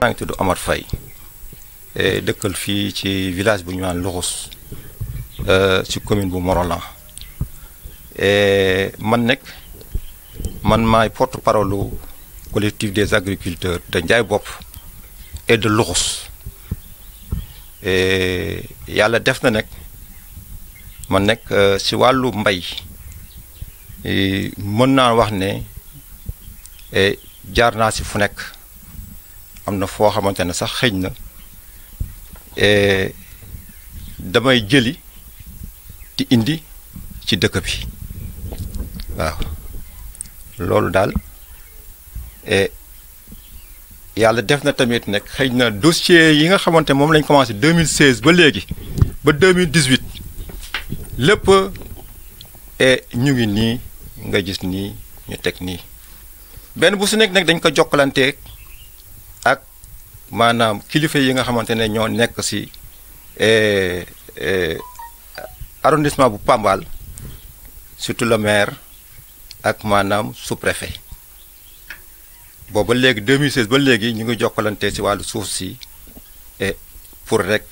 maa ngi tudd Omar Faye eh, dëkkal fii ci village bu ñu naan Luxus eh, ci commune bu Morolan eh, man nekk man maay porte parole collectif des agriculteurs de Ndiaye Bopp et de Luxus yàlla def na nag man nekk si wàllu mbay mën naa wax ne jaar naa si fu nekk am na foo xamante ne sax xëj na eh, damay jëli di indi ci dëkk bi waaw loolu daal eh, yàlla def na tamit nekk xëy na dossier yi nga xamante moom lañ commencé 2016 ba léegi ba 2018 lépp eh, ñu ngi nii nga gis nii ñu teg nii benn bu si nekk nag dañ ko jokkalanteeg maanaam kilifa yi nga xamante ne ñoo nekk si eh, eh, arrondissement bu Pambal surtout le maire ak maanaam sous-préfet boobu ba léegi 2016 ba léegi ñu ngi jokkalante si wàllu suuf si et eh, pour rek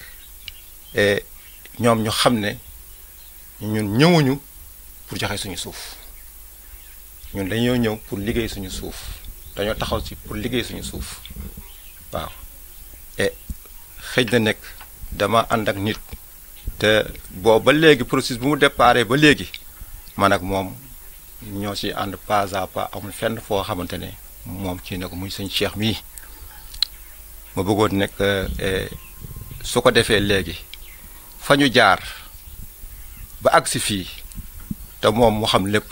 ñoom ñu xam ne ñun ñëwuñu pour joxe suñu suuf ñun dañoo ñëw pour liggéey suñu suuf dañoo taxaw si pour liggéey suñu suuf waaw. e xëj na nekk dama ànd ak nit te boobu ba léegi processus bu mu déparé ba léegi man ak moom ñoo si ànd pas à pas amul fenn foo xamante ne moom kii na ko muy sëñ Cheikh mii ma bëggoon nekk e, e, su ko defee léegi fa ñu jaar ba àgg si fii te moom mu xam lépp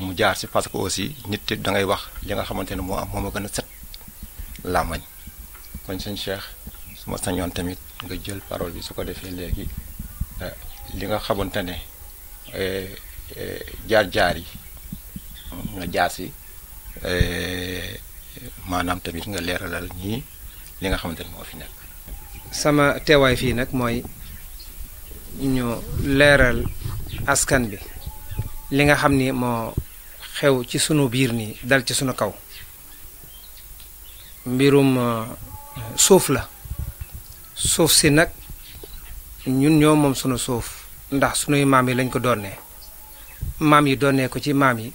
mu jaar si parce que aussi nit da ngay wax li nga xamante ne moo am moom a gën a set làmmañ kon sëñ Cheikh su ma sañoon tamit nga jël parole bi su ko defee léegi euh, li nga xamante ne euh, euh, jaar-jaar yi nga jaar si maanaam tamit nga leeralal ñii li nga xamante ne moo fi nekk. sama teewaay fii nag mooy ñu leeral askan bi li nga xam ni moo xew ci sunu biir nii dal ci sunu kaw mbirum. suuf la suuf si nag ñun ñoo moom sunu suuf ndax sunuy maam yi lañ ko doonee maam yi doonee ko ci maam yi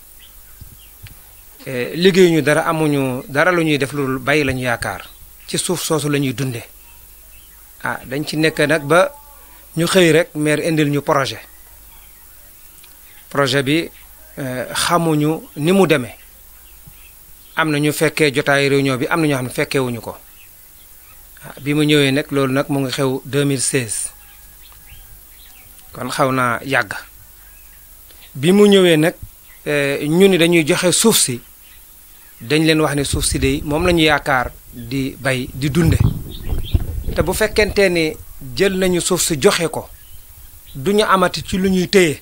e, liggéeyuñu dara amuñu dara lu ñuy def lu bàyyi lañu yaakaar ci suuf soosu la ñuy dunde ah dañ ci nekk nag ba ñu xëy rek maire indil ñu projet projet bi e, xamuñu ni mu demee am na ñu fekkee jotaayu ñoo bi am na ñoo xam ne fekkewuñu ko bi mu ñëwee nag loolu nag mu ngi xew 2016 kon xaw naa yàgg bi mu ñëwee nag eh, ñu ni dañuy joxe suuf si dañ leen wax ne suuf si de moom la ñu yaakaar di bay di dunde te bu fekkente ni jël nañu suuf si joxe ko du ñu amati ci lu ñuy téye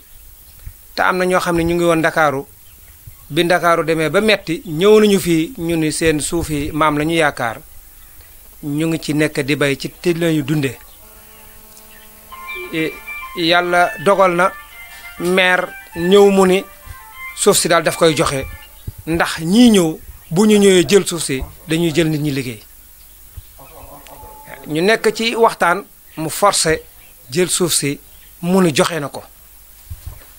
te am na ñoo xam ne ñu ngi woon ndakaaru bi ndakaaru demee ba metti ñëw nañu fii ñu ni seen suufi maam la ñu yaakaar ñu ngi ci nekk di bay ci te lañu dunde yàlla dogal na maire ñëw mu ni suuf si daal daf koy joxe ndax ñii ñëw bu ñu ñëwee jël suuf si dañuy jël nit ñi liggéey ñu nekk ci waxtaan mu forcé jël suuf si mu ni joxe na ko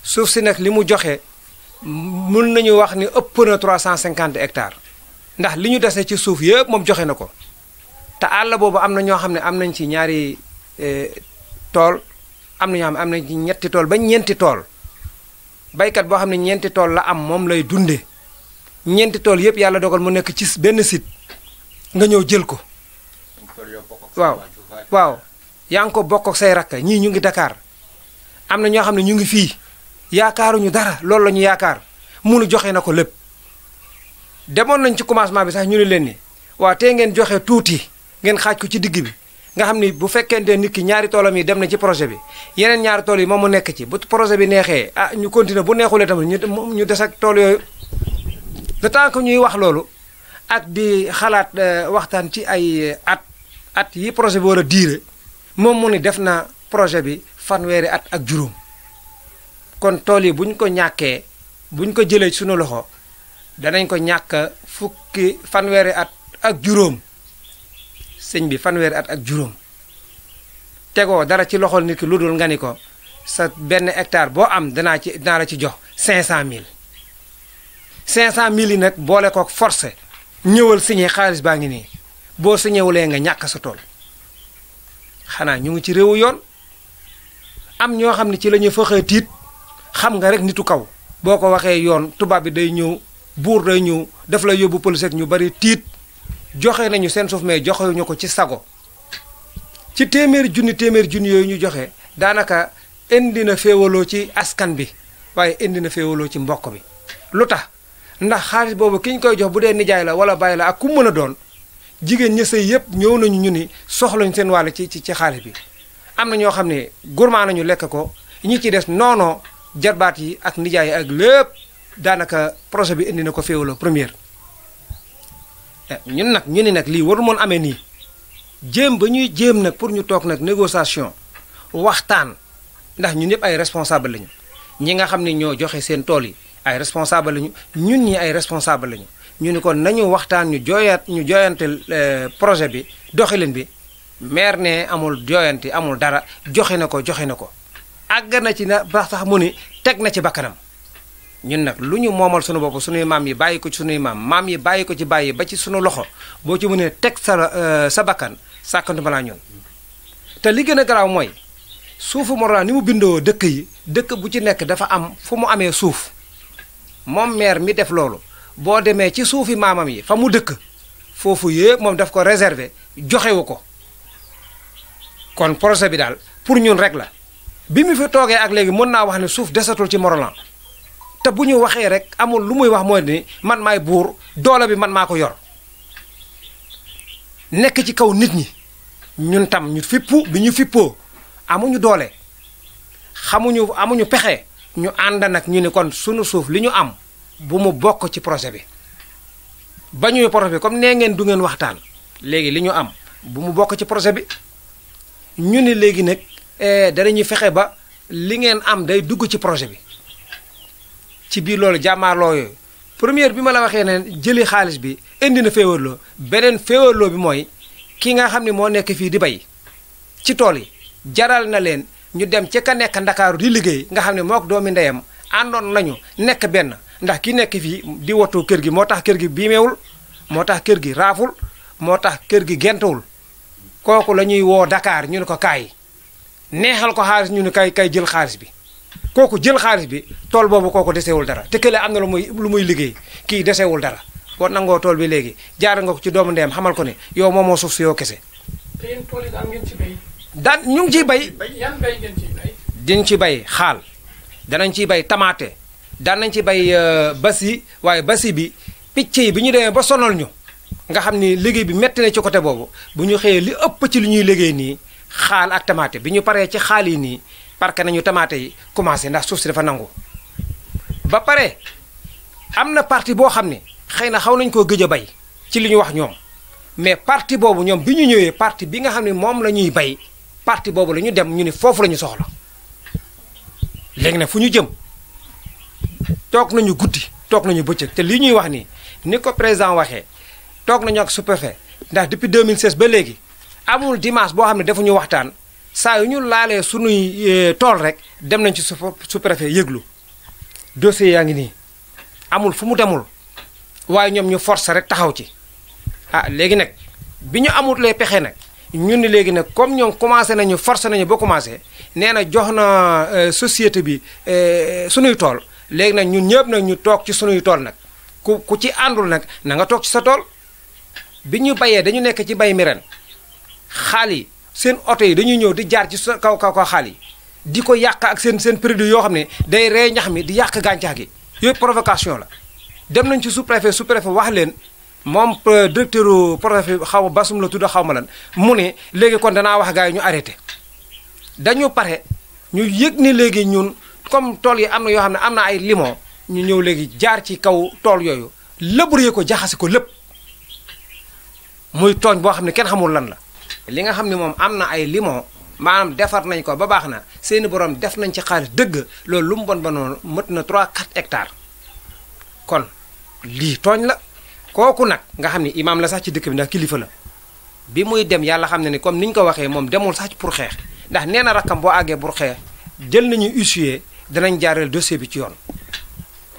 suuf si nag li mu joxe mën nañu wax ni ëpp na 350 hectares ndax li ñu desee ci suuf yëpp moom joxe na ko te àll boobu am na ñoo xam ne am nañ ci ñaari e, tool am na ñoo am nañ ñetti tool ba ñeenti tool baykat boo xam ne ñeenti tool la am moom lay dunde ñeenti tool yëpp yàlla dogal mu nekk ci benn site nga ñëw jël ko waaw waaw yaa ngi ko bokk say rakk ñii ñu ngi dakaar am na ñoo xam ne ñu ngi fii yaakaaruñu dara loolu la ñu yaakaar munu joxe na ko lépp demoon nañ ci commencement bi sax ñu ne leen ni waa ngeen joxe tuuti ngeen xaaj ko ci digg bi nga xam ni bu fekkente nit ki ñaari toolam yi dem na ci projet bi yeneen ñaari tool yi moom mu nekk ci bu projet bi neexee ah ñu continuer bu neexulee tamit ñu ñu des ak tool yooyu que ñuy wax loolu ak di xalaat euh, waxtaan ci ay euh, at at yi projet bi war moom mu ni def na projet bi fanweeri at ak juróom kon tool yi bu ko ñàkkee buñ ko jëlee suñu loxo danañ ko ñàkk fukki fanweeri at ak juróom sëñ bi fanweer at ak juróom tegoo dara ci loxol nit ki lu dul nga ni ko sa benn hectare boo am danaa ci dinaa la ci jox 500000 500000 yi nag boole kook forcé ñëwal signé xaalis baa ngi nii boo signéwulee nga ñàkk sa tool xanaa ñu ngi ci réewu yoon am ñoo xam ne ci lañuy ñu fëxee tiit xam nga rek nitu kaw boo ko waxee yoon tubaab bi day ñëw buur day ñëw daf la yóbbu police ak ñu bari tiit. joxe nañu seen suuf mais joxewuñu ko ci sago ci téeméer junni téeméer junni yooyu ñu joxe daanaka indi na féewaloo ci askan bi waaye indi na féewaloo ci mbokk bi lu tax ndax xaalis boobu ki ñu koy jox bu dee nijaay la wala bàyyi la ak ku a doon jigéen ña sëy yëpp ñëw nañu ñu ni soxlañ seen wàll ci ci xaalis bi am na ñoo xam ne gourmand ñu lekk ko ñi ci des noonoo jarbaat yi ak nijaay yi ak lépp daanaka projet bi indi na ko féewaloo première Eh, ñun nag ñu ni nag lii waru moon amee nii jéem ba ñuy jéem nag pour ñu toog nag négociation waxtaan ndax ñun ñëpp ay responsable lañu ñi nga xam ne ñoo joxe seen tool yi ay responsable lañu ñun ñi ay responsable lañu ñu ni kon nañu waxtaan ñu jooyaat ñu jooyante eh, projet bi doxalin bi maire ne amul jooyante amul dara joxe na ko joxe na ko àgg na ci na baax sax mu ni teg na ci bakkanam ñun nag lu ñu moomal sunu bopp sunuy maam yi bàyyi ko ci sunuy maam maam yi bàyyi ko ci bàyyi ba sunu loxo boo ci mënee teg sa euh, sa bakkan sàkkantu balaa ñun te li gën a garaaw mooy suufu Morolan ni mu bindoo dëkk yi dëkk bu ci nekk dafa am fu mu amee suuf moom maire mi def loolu boo demee ci suufi maamam yi fa mu dëkk foofu yëpp moom daf ko réserver joxewu ko kon projet bi daal pour ñun rek la bi mu fi toogee ak léegi mën naa wax ne suuf desatul ci Morolan te buñu waxé rek amul lu muy wax moy ni man may bour doola bi man mako yor nek ci kaw nit ñi ñun tam ñu fippu bi ñu fippoo amuñu doole xamuñu amuñu pexé ñu and nak ñu ni kon sunu suuf li ñu am bu mu bok ci projet bi ba projet bi comme ne ngeen du ngeen waxtaan légui li ñu am bu mu bok ci projet bi ñu ni euh eh, dara ñu fexé ba li ngeen am day dugg ci projet bi ci biir loolu jàmmaarloo yooyu première bi ma la waxee ne jëli xaalis bi indi na féewarloo beneen féewarloo bi mooy ki nga xam ne moo nekk fii di bay ci tool yi jaral na leen ñu dem ca ka nekk ndakaaru di liggéey nga xam ne moo ak doomi ndeyam àndoon nañu nekk benn ndax ki nekk fii di wattu kër gi moo tax kër gi biimeewul moo tax kër gi raaful moo tax kër gi gentawul kooku la ñuy woo dakaar ñu ne ko kaay neexal ko xaalis ñu ne kay kay jël xaalis bi kooku jël xaalis bi tool boobu kooku desewul dara te kële am na lu muy lu liggéey kii desewul dara boo nangoo tool bi léegi jaar nga ko ci doomu ndeyam xamal ko ne yow moomoo suuf si yow kese. te yéen tool ci bay. daan diñ ci bay xaal danañ ciy bay tamaate daan nañ ci bay euh, basi waaye basi bi picc yi bi ñu demee ba sonal ñu nga xam ni liggéey bi metti na ci côté boobu bu ñu xëyee li ëpp ci li ñuy liggéey nii xaal ak tamaate bi ñu paree ci xaal yi nii. parke nañu tamaate yi commencé ndax suuf si dafa nangu ba pare am na parti boo xam ne xëy na xaw nañ koo gëj a bay ci li ñu wax ñoom mais parti boobu ñoom bi ñu ñëwee parti bi nga xam ne moom la ñuy bay parti boobu la ñu dem ñu ni foofu la ñu soxla léegi nag fu ñu jëm toog nañu guddi toog nañu bëccëg te li ñuy wax nii ni ko président waxee toog nañu ak sous-préfet ndax depuis 2016 ba léegi amul dimanche boo xam ne defuñu waxtaan saa yu ñu laalee sunuy eh, tool rek dem nañ ci sous-préfet yëglu dossier yaa ngi nii amul fu mu demul waaye ñoom ñu forcer rek taxaw ci ah léegi nag bi ñu amulee pexe nag ñun ni léegi nag comme ñoom commencé nañu forcer nañu ba commencé nee na jox na eh, société bi eh, sunuy tool léegi nag ñu ñëpp nag ñu toog ci sunuy tool nag ku ci àndul nag na nga toog ci sa tool bi ñu bayee dañu nekk ci bay mi ren xaal seen oto yi dañuy ñëw di jaar ci sa kaw kaw kaw yi di ko yàq ak seen seen produit yoo xam ne day rey ñax mi di yàq gàncax gi yooyu provocation la dem nañ ci sous-préfet sous-préfet wax leen moom euh, directeur projet xaw ma basum la tudd xaw ma lan mu ne léegi kon danaa wax gars yi ñu arrêté dañu pare ñu yëg ni léegi ñun comme tool yi am na yoo xam ne am na ay limon ñu ñëw léegi jaar ci kaw tool yooyu labourer ko jaxase ko lépp muy tooñ boo xam ne kenn xamul lan la li nga xam ne moom am na ay limon maanaam defar nañ ko ba baax na seeni borom def nañ ci xaalis dëgg loolu lu mu bon ba noonu mët na 3 4 hectares kon lii tooñ la kooku nag nga xam ni imaam la sax ci dëkk bi ndax kilifa la bi muy dem yàlla xam ne ni comme ni ñu ko waxee moom demul sax pour xeex ndax nee na rakkam boo àggee pour xeex jël nañu huissier danañ jaareel dossier bi ci yoon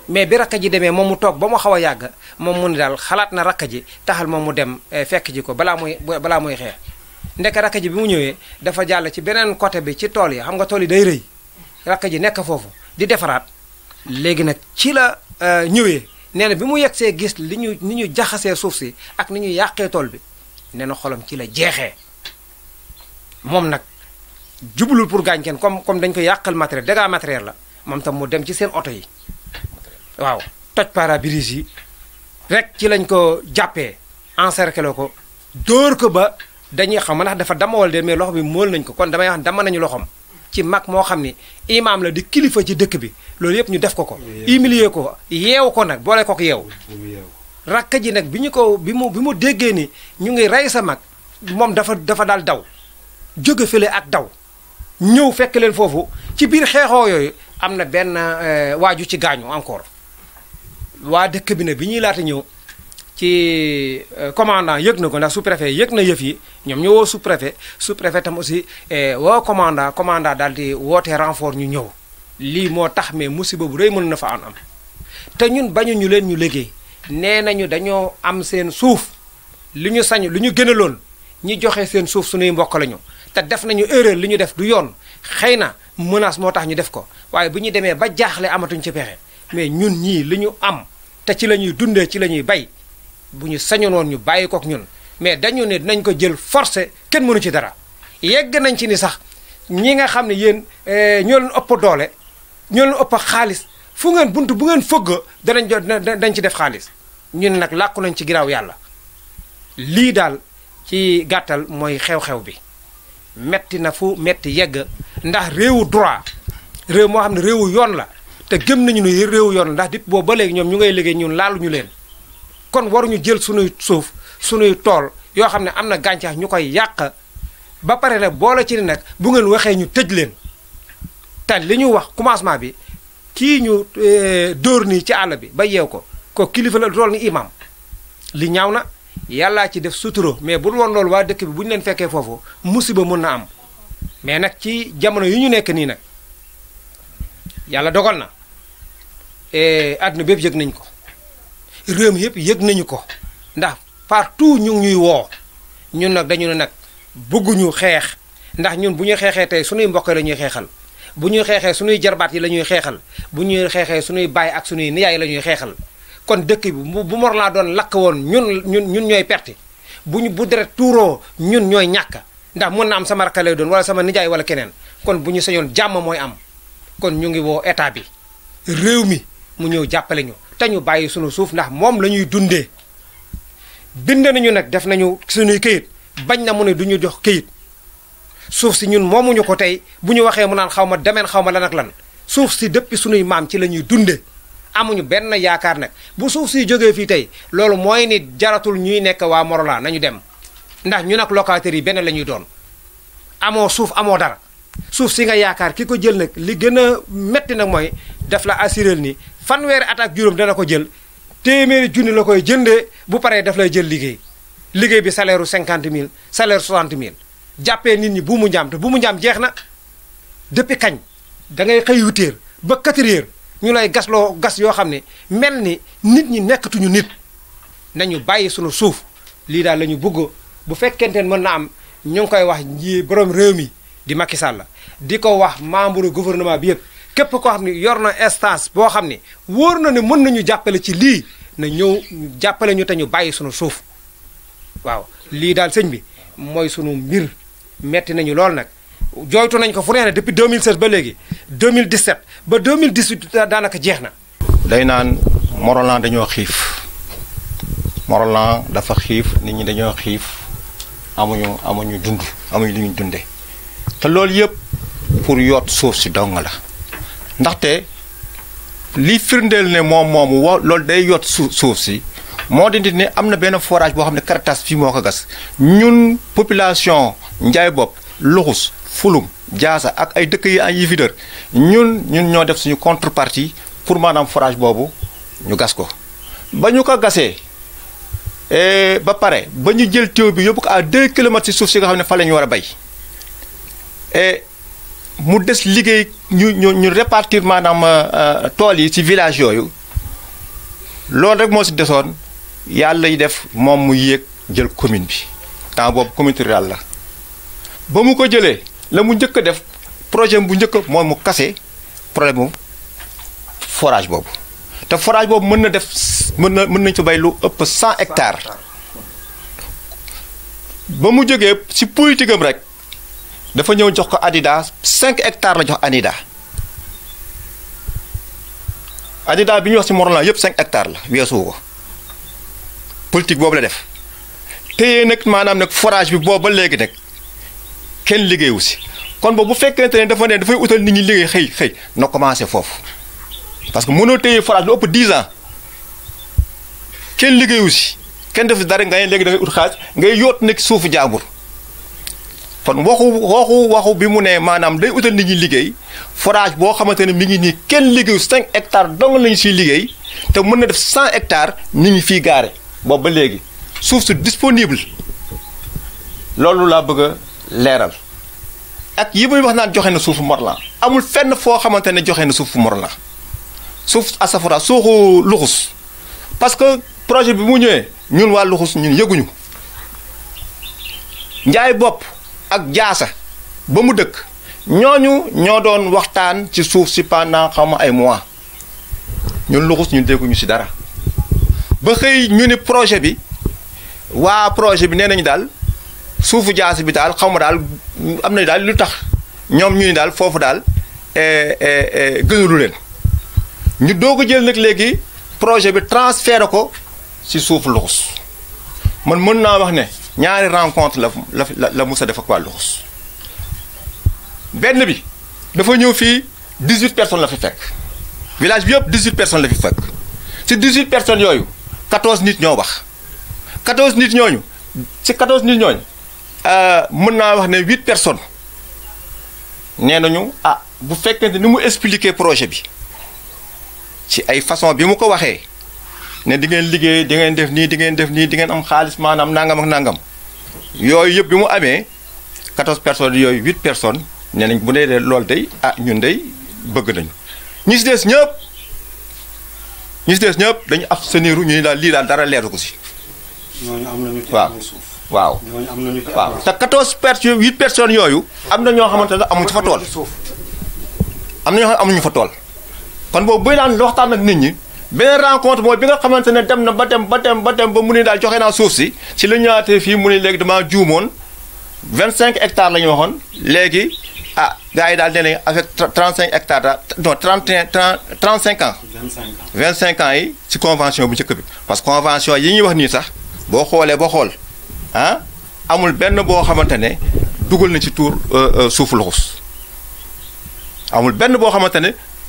mais bi rakka ji demee moom mu toog ba mu xaw a yàgg moom mu ne daal xalaat na rakka ji taxal moom mu eh, fekk ko balaa muy balaa muy xeex ndek rakk ji bi mu ñëwee dafa jàll ci beneen côté bi ci tool yi xam nga tool yi day rëy rakka ji nekk foofu di defaraat léegi nag ci la euh, ñëwee nee na bi mu yegsee gis li ñu ni ñu jaxasee suuf si ak ni ñu yàqee tool bi nee na xolam ci la jeexee moom nag jublul pour gaañ kenn comme comme dañ ko yàqal matériel dégâts matériel la moom tam mu dem ci seen oto yi waaw toj pare yi rek ci lañ ko jàppee encercler ko dóor ko ba dañuy xam ma ndax dafa damm wala de mais loxo bi mool nañ ko kon damay wax dama nañu loxoom ci mag moo xam ni imaam la di kilifa ci dëkk bi loolu yëpp ñu def ko ko humilier ko yeew ko nag boole ko ko yeew rakk ji nag bi ñu ko bi mu bi mu déggee ni ñu ngi rey sa mag moom dafa dafa daal daw jóge fële ak daw ñëw fekk leen foofu ci biir xeexoo yooyu am na benn euh, waaju ci gaañu encore waa dëkk bi nag bi ñuy laata ñëw ci euh, commandant yëg na ko ndax sous préfet yëg na yëf yi ñoom ñu woo sous préfet sous préfet tam aussi eh, woo commandant commandant daal di woote renfort ñu ñëw lii moo tax mais musiba bu rëy mën na fa am am te ñun bañu ñu leen ñu liggéey nee nañu dañoo am seen suuf li ñu sañ lu ñu gënaloon ñi joxe seen suuf suñuy mbokk lañu te def nañu erreur li ñu def du yoon xëy na menace moo tax ñu def ko waaye bu ñu demee ba jaaxle amatuñ ci pexe mais ñun ñii li ñu am te ci la ñuy dundee ci la bay bu ñu sañoon woon ñu bàyyi kook ñun mais dañu ne dinañ ko jël forcé kenn mënu ci dara yegg nañ ci ni sax ñi nga xam ne yéen eh, ñoo leen ëpp doole ñoo leen ëpp xaalis fu ngeen bunt bu ngeen fëgg danañ dañ ci def xaalis ñun nag làqu nañ ci giraaw yàlla lii daal ci gàttal mooy xew-xew bi metti na fu metti yegg ndax réewu droit réew moo xam ne réewu yoon la te gëm nañu ne réewu yoon la ndax dip boobu ba léegi ñoom ñu ngay liggéey ñun laalu ñu leen kon ñu jël sunuy suuf sunuy tool yoo xam ne am na gàncax ñu koy yàq ba pare nag boole ci ni nag bu ngeen waxee ñu tëj leen te li ñu wax commencement bi kii ñu eh, dóor nii ci àll bi ba yeew ko ko kilifa la tool ni imam li ñaaw na yàllaa ci def suturo mais bu woon loolu waa dëkk bi bu ñu leen fekkee foofu musiba mën na am mais nag ci jamono yi ñu nekk nii nag yàlla dogal na eh, àdduna bépp yëg nañ ko réew mi yëpp yëg nañu ko ndax partout ñu ñuy woo ñun nag dañu ne nag bëgguñu xeex ndax ñun bu ñu xeexee tey suñuy mbokk la ñuy xeexal bu ñuy xeexee suñuy jarbaat yi la ñuy xeexal bu ñuy xeexee suñuy baay ak suñuy niyaay la ñuy xeexal kon dëkk bi bu mor laa doon lakk woon ñun ñun ñun ñooy perte bu ñu bu deret tuuroo ñun ñooy ñàkk ndax mën na am sama rakk lay doon wala sama nijaay wala keneen kon bu ñu señoon jàmm mooy am kon ñu ngi woo état bi réew mi mu ñëw jàppale ñu te ñu bàyyi sunu suuf ndax moom la ñuy dundee bind nañu nag def nañu sunuy këyit bañ na mu ne du ñu jox këyit suuf si ñun moomuñu ko tey bu ñu waxee mu naan xaw ma demeen xaw ma lan ak lan suuf si depuis sunuy maam ci la ñuy dundee amuñu benn yaakaar nag bu suuf si jógee fii tey loolu mooy ni jaratul ñuy nekk waa Morolan nañu dem ndax ñu ak locataires yi benn la ñuy doon amoo suuf amoo dara suuf si nga yaakaar ki ko jël nag li gën a métti nag mooy daf la assuré ni fanweeri at ak juróom dana ko jël téeméeri junni la koy jënde bu paree daf lay jël liggéey liggéey bi salaire ru 50 000 salaire 60 jàppee nit ñi bu mu njaam te bu mu njaam jeex na dëppi kañ da ngay xëy huit ba quatre heures ñu lay gasloo gas yoo xam ne mel ni nit ñi nekkatuñu nit nañu bàyyi sunu suuf lii daal lañu ñu bëgg bu fekkente ne mën na am ñu ngi koy wax ji borom réew mi di Macky Sall la di ko wax membre gouvernement bi yëpp. képp koo xam ne yor na stage boo xam ne wóor na ne mën nañu jàppale ci lii na ñëw jàppale ñu te ñu bàyyi sunu suuf waaw lii daal sëñ bi mooy sunu mbir metti nañu lool nag jooytu nañ ko fu nee ne depuis 2016 ba léegi 2017 ba 2018 daanaka jeex na day naan Morolan dañoo xiif Morolan dafa xiif nit ñi dañoo xiif amuñu amuñu dund amuñu lu ñu dunde te loolu yëpp pour yoot suuf si dong la ndaxte li firndeel ne moom moomu wa loolu day yot suuf suuf si moo dindi ne am na benn forage boo xam ne Caritas fii moo ko gas ñun population Njaay Bopp Luxus Fulum Jaasa ak ay dëkk yi ay yi fi dër ñun ñun ñoo def suñu contrepartie pour maanaam forage boobu ñu gas ko ba ñu ko gasee eh, ba pare ba ñu jël téew bi yóbbu ko à deux kilomètres si suuf si nga xam ne fa la ñu war a béy eh, mu des liggéey ñu ñu ñu répartir maanaam euh, euh, tool yi ci village yooyu loolu rek moo si desoon yàlla yi def moom mu yéeg jël commune bi temps boobu commune rurale la ba mu ko jëlee la mu njëkk a def projet bu njëkk moom mu kase problème mu forage boobu te forage boobu mën na def mën na mën nañu fa bay lu ëpp cent hectares ba mu jógee si politique rek. dafa ñëw jox ko Adidas cinq hectares la jox Adidas Adidas bi ñuy wax ci Morolan yëpp cinq hectares la weesuwu ko politique boobu la def téye nag maanaam nag forage bi boobu ba léegi nag kenn liggéeyu si kon boobu bu fekkente ne dafa ne dafay utal nit ñi liggéey xëy xëy na commencé foofu parce que mënoo téye forage lu ëpp dix ans kenn liggéeyu si kenn def si dara nga ne léegi dangay ut xaalis ngay yóot nekk suufu jaambur kon waxu waxu waxu bi mu nee maanaam day utal ni ñuy liggéey forage boo xamante ne mi ngi nii kenn liggéeyu 5 hectares dong lañu siy liggéey te mën na def 100 hectares mi ngi fii gaare boobu ba léegi suuf su disponible loolu laa bëgg a leeral ak yi muy wax naan joxe na suufu Morlan amul fenn foo xamante ne joxe na suufu Morlan suuf asafura suuxu luxus parce que projet bi mu ñëwee ñun waa luxus ñun yëguñu njaay bopp. ak jaasa ba mu dëkk ñooñu ñoo doon waxtaan ci suuf si pendant xaw ma ay mois ñun luxus ñu dégguñu si dara ba xëy ñu ni projet bi waa projet bi nee nañu daal suufu jaasa bi daal xaw ma daal am nañu daal lu tax ñoom ñu ni daal foofu daal eh, eh, eh, gënalu leen ñu doog a jël nag léegi projet bi transféré ko si suuf luxus man mën naa wax ne. ñaari rencontre la la la Moussa def ak waa ben bi dafa y a 18 personnes la fi fekk village bi a 18 personnes la fi fekk si 18 personnes yoyu 14 nit ñoo wax 14 nit ñooñu ci 14 nit ñooñu euh, mën y wax 8 personnes nee nañu ah bu fekkente ni expliquer projet bi ci ay façon bi mu ko waxé né di ngeen liggéey di ngeen def ni di ngeen def ni di ngeen am nangam ak yooyu yëpp bi mu amee 14 personnes yooyu 8 personnes nee nañ bu dee de loolu day ah ñun day bëgg nañu ñi si des ñëpp ñi si des ñëpp dañu abstenir ñu ne daal lii daal dara leeru ko si. ñooñu am nañu suuf waaw ñooñu am nañu te waaw te 14 personnes personnes yooyu. am na ñoo xamante ne amuñu fa tool. am na ñoo xam amuñu fa tool kon boobu buy daan waxtaan ak nit ñi. beneen rencontre mooy bi nga xamante ne dem na ba dem ba dem ba dem ba mu ni daal joxe naa suuf si si la ñëwaatee fii mu ni léegi damaa juumoon vingt cinq hectares la ñu waxoon léegi ah gars yi daal nee nañ avec trente cinq hectares daal non trente et un cinq ans. vingt cinq ans yi si convention bu njëkk bi. parce que convention yi ñuy wax nii sax boo xoolee ba xool ah amul benn boo xamante ne dugal na ci tour euh, euh, suufu loxus amul benn boo xamante ne.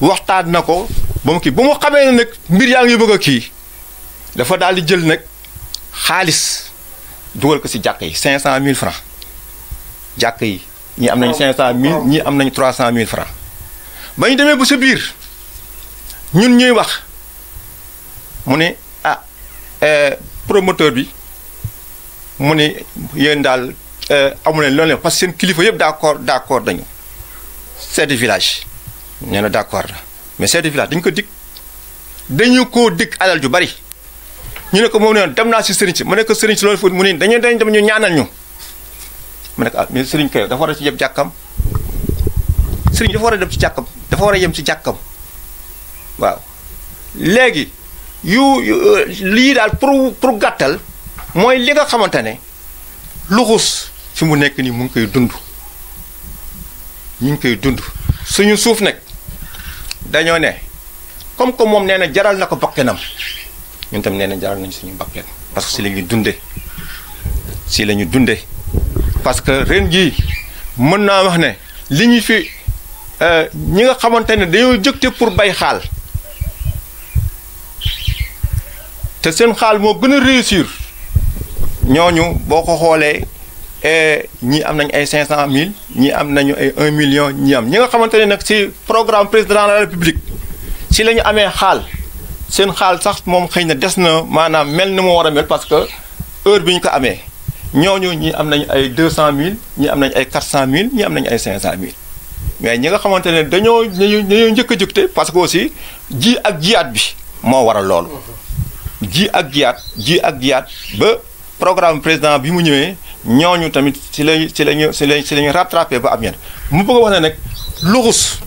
waxtaan na ko ba mu kii ba mu xamee ne nag mbir yaa ngi bëgg a dafa daal di jël ko francs yi francs sa ñun ñuy wax mu ah, euh, promoteur bi mu euh, parce que d'accord d'accord dañu village nee na d' accord mais chef de dañu ko dig dañu ko dig alal ju bari ñu ne ko moom nee dem naa si sëriñ si mu nekk ko sëriñ si loolu fu mu ne dañu dañ dem ñu ñaanal ñu mu nekk ko ah mais sëriñ kay dafa war a ci yem jàkkam sëriñ dafa war a dem ci jàkkam dafa war a yem ci jàkkam waaw léegi yu euh, lii daal pour pour gàttal mooy li nga xamante ne luxus fi mu nekk nii mu ngi koy dund ñu ngi koy dund suñu suuf nag dañoo ne comme que moom nee na jaral na ko bakkenam ñun tam nee na jaral nañ suñu bakken parce que si la dunde si lañuy dunde parce que ren jii mën naa wax ne li ñu fi euh, ñi nga xamante ne dañoo jëgte pour bay xaal te seen xaal moo gën a réussir ñooñu boo ko xoolee Eh, ñii am nañ ay cinq mille ñii am nañu ay 1 million ñii am ñi nga xamante ne nag si programme président de la république si la amee xaal seen xaal sax moom xëy na des na maanaam mel ni mu war a mel parce que heure bi ñu ko amee ñooñu ñii am nañu ay cent 200000 ñi am nañu ay quatre cent 400000 ñi am nañu ay 500000 mais ñi nga xamante ne dañoo dañoo dañoo njëkk a jëkte parce que aussi jii ak jiyaat bi moo waral loolu ji ak jiyaat ji ak jiyaat ba. programme président bi mu ñëwee ñooñu tamit ci lañu ci lañu ci lañu ci lañu rattrapé ba am ñenn mu bëgg a wax ne nag luxus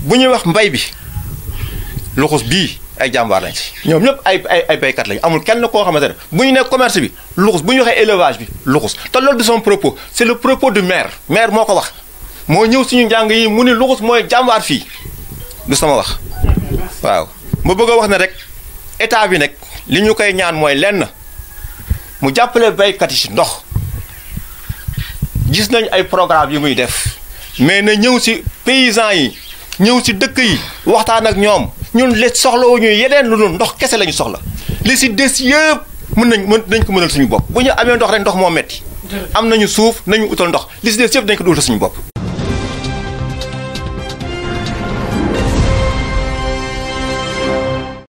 bu ñuy wax mbay bi luxus bii ay jàmbaar lañ ci ñoom ñëpp ay ay ay béykat lañ amul kenn koo xamante ne bu ñu nekk commerce bi luxus bu ñu waxee élevage bi luxus te loolu du son propos c'est le propos du maire maire moo ko wax moo ñëw suñu njàng yi mu ni luxus mooy jàmbaar fii du sama wax waaw ma bëgg a wax ne rek état bi nag li ñu koy ñaan mooy lenn. mu jàppale béykat yi si ndox gis nañ ay programme yu muy def mais na ñëw si paysans yi ñëw si dëkk yi waxtaan ak ñoom ñun li soxlawuñu yeneen lu dul ndox kese la ñu soxla li si des yëpp mën nañ mën nañ ko mënal suñu bopp bu ñu amee ndox rek ndox moo metti am nañu suuf nañu utal ndox li si des yëpp dañ ko dugal suñu bopp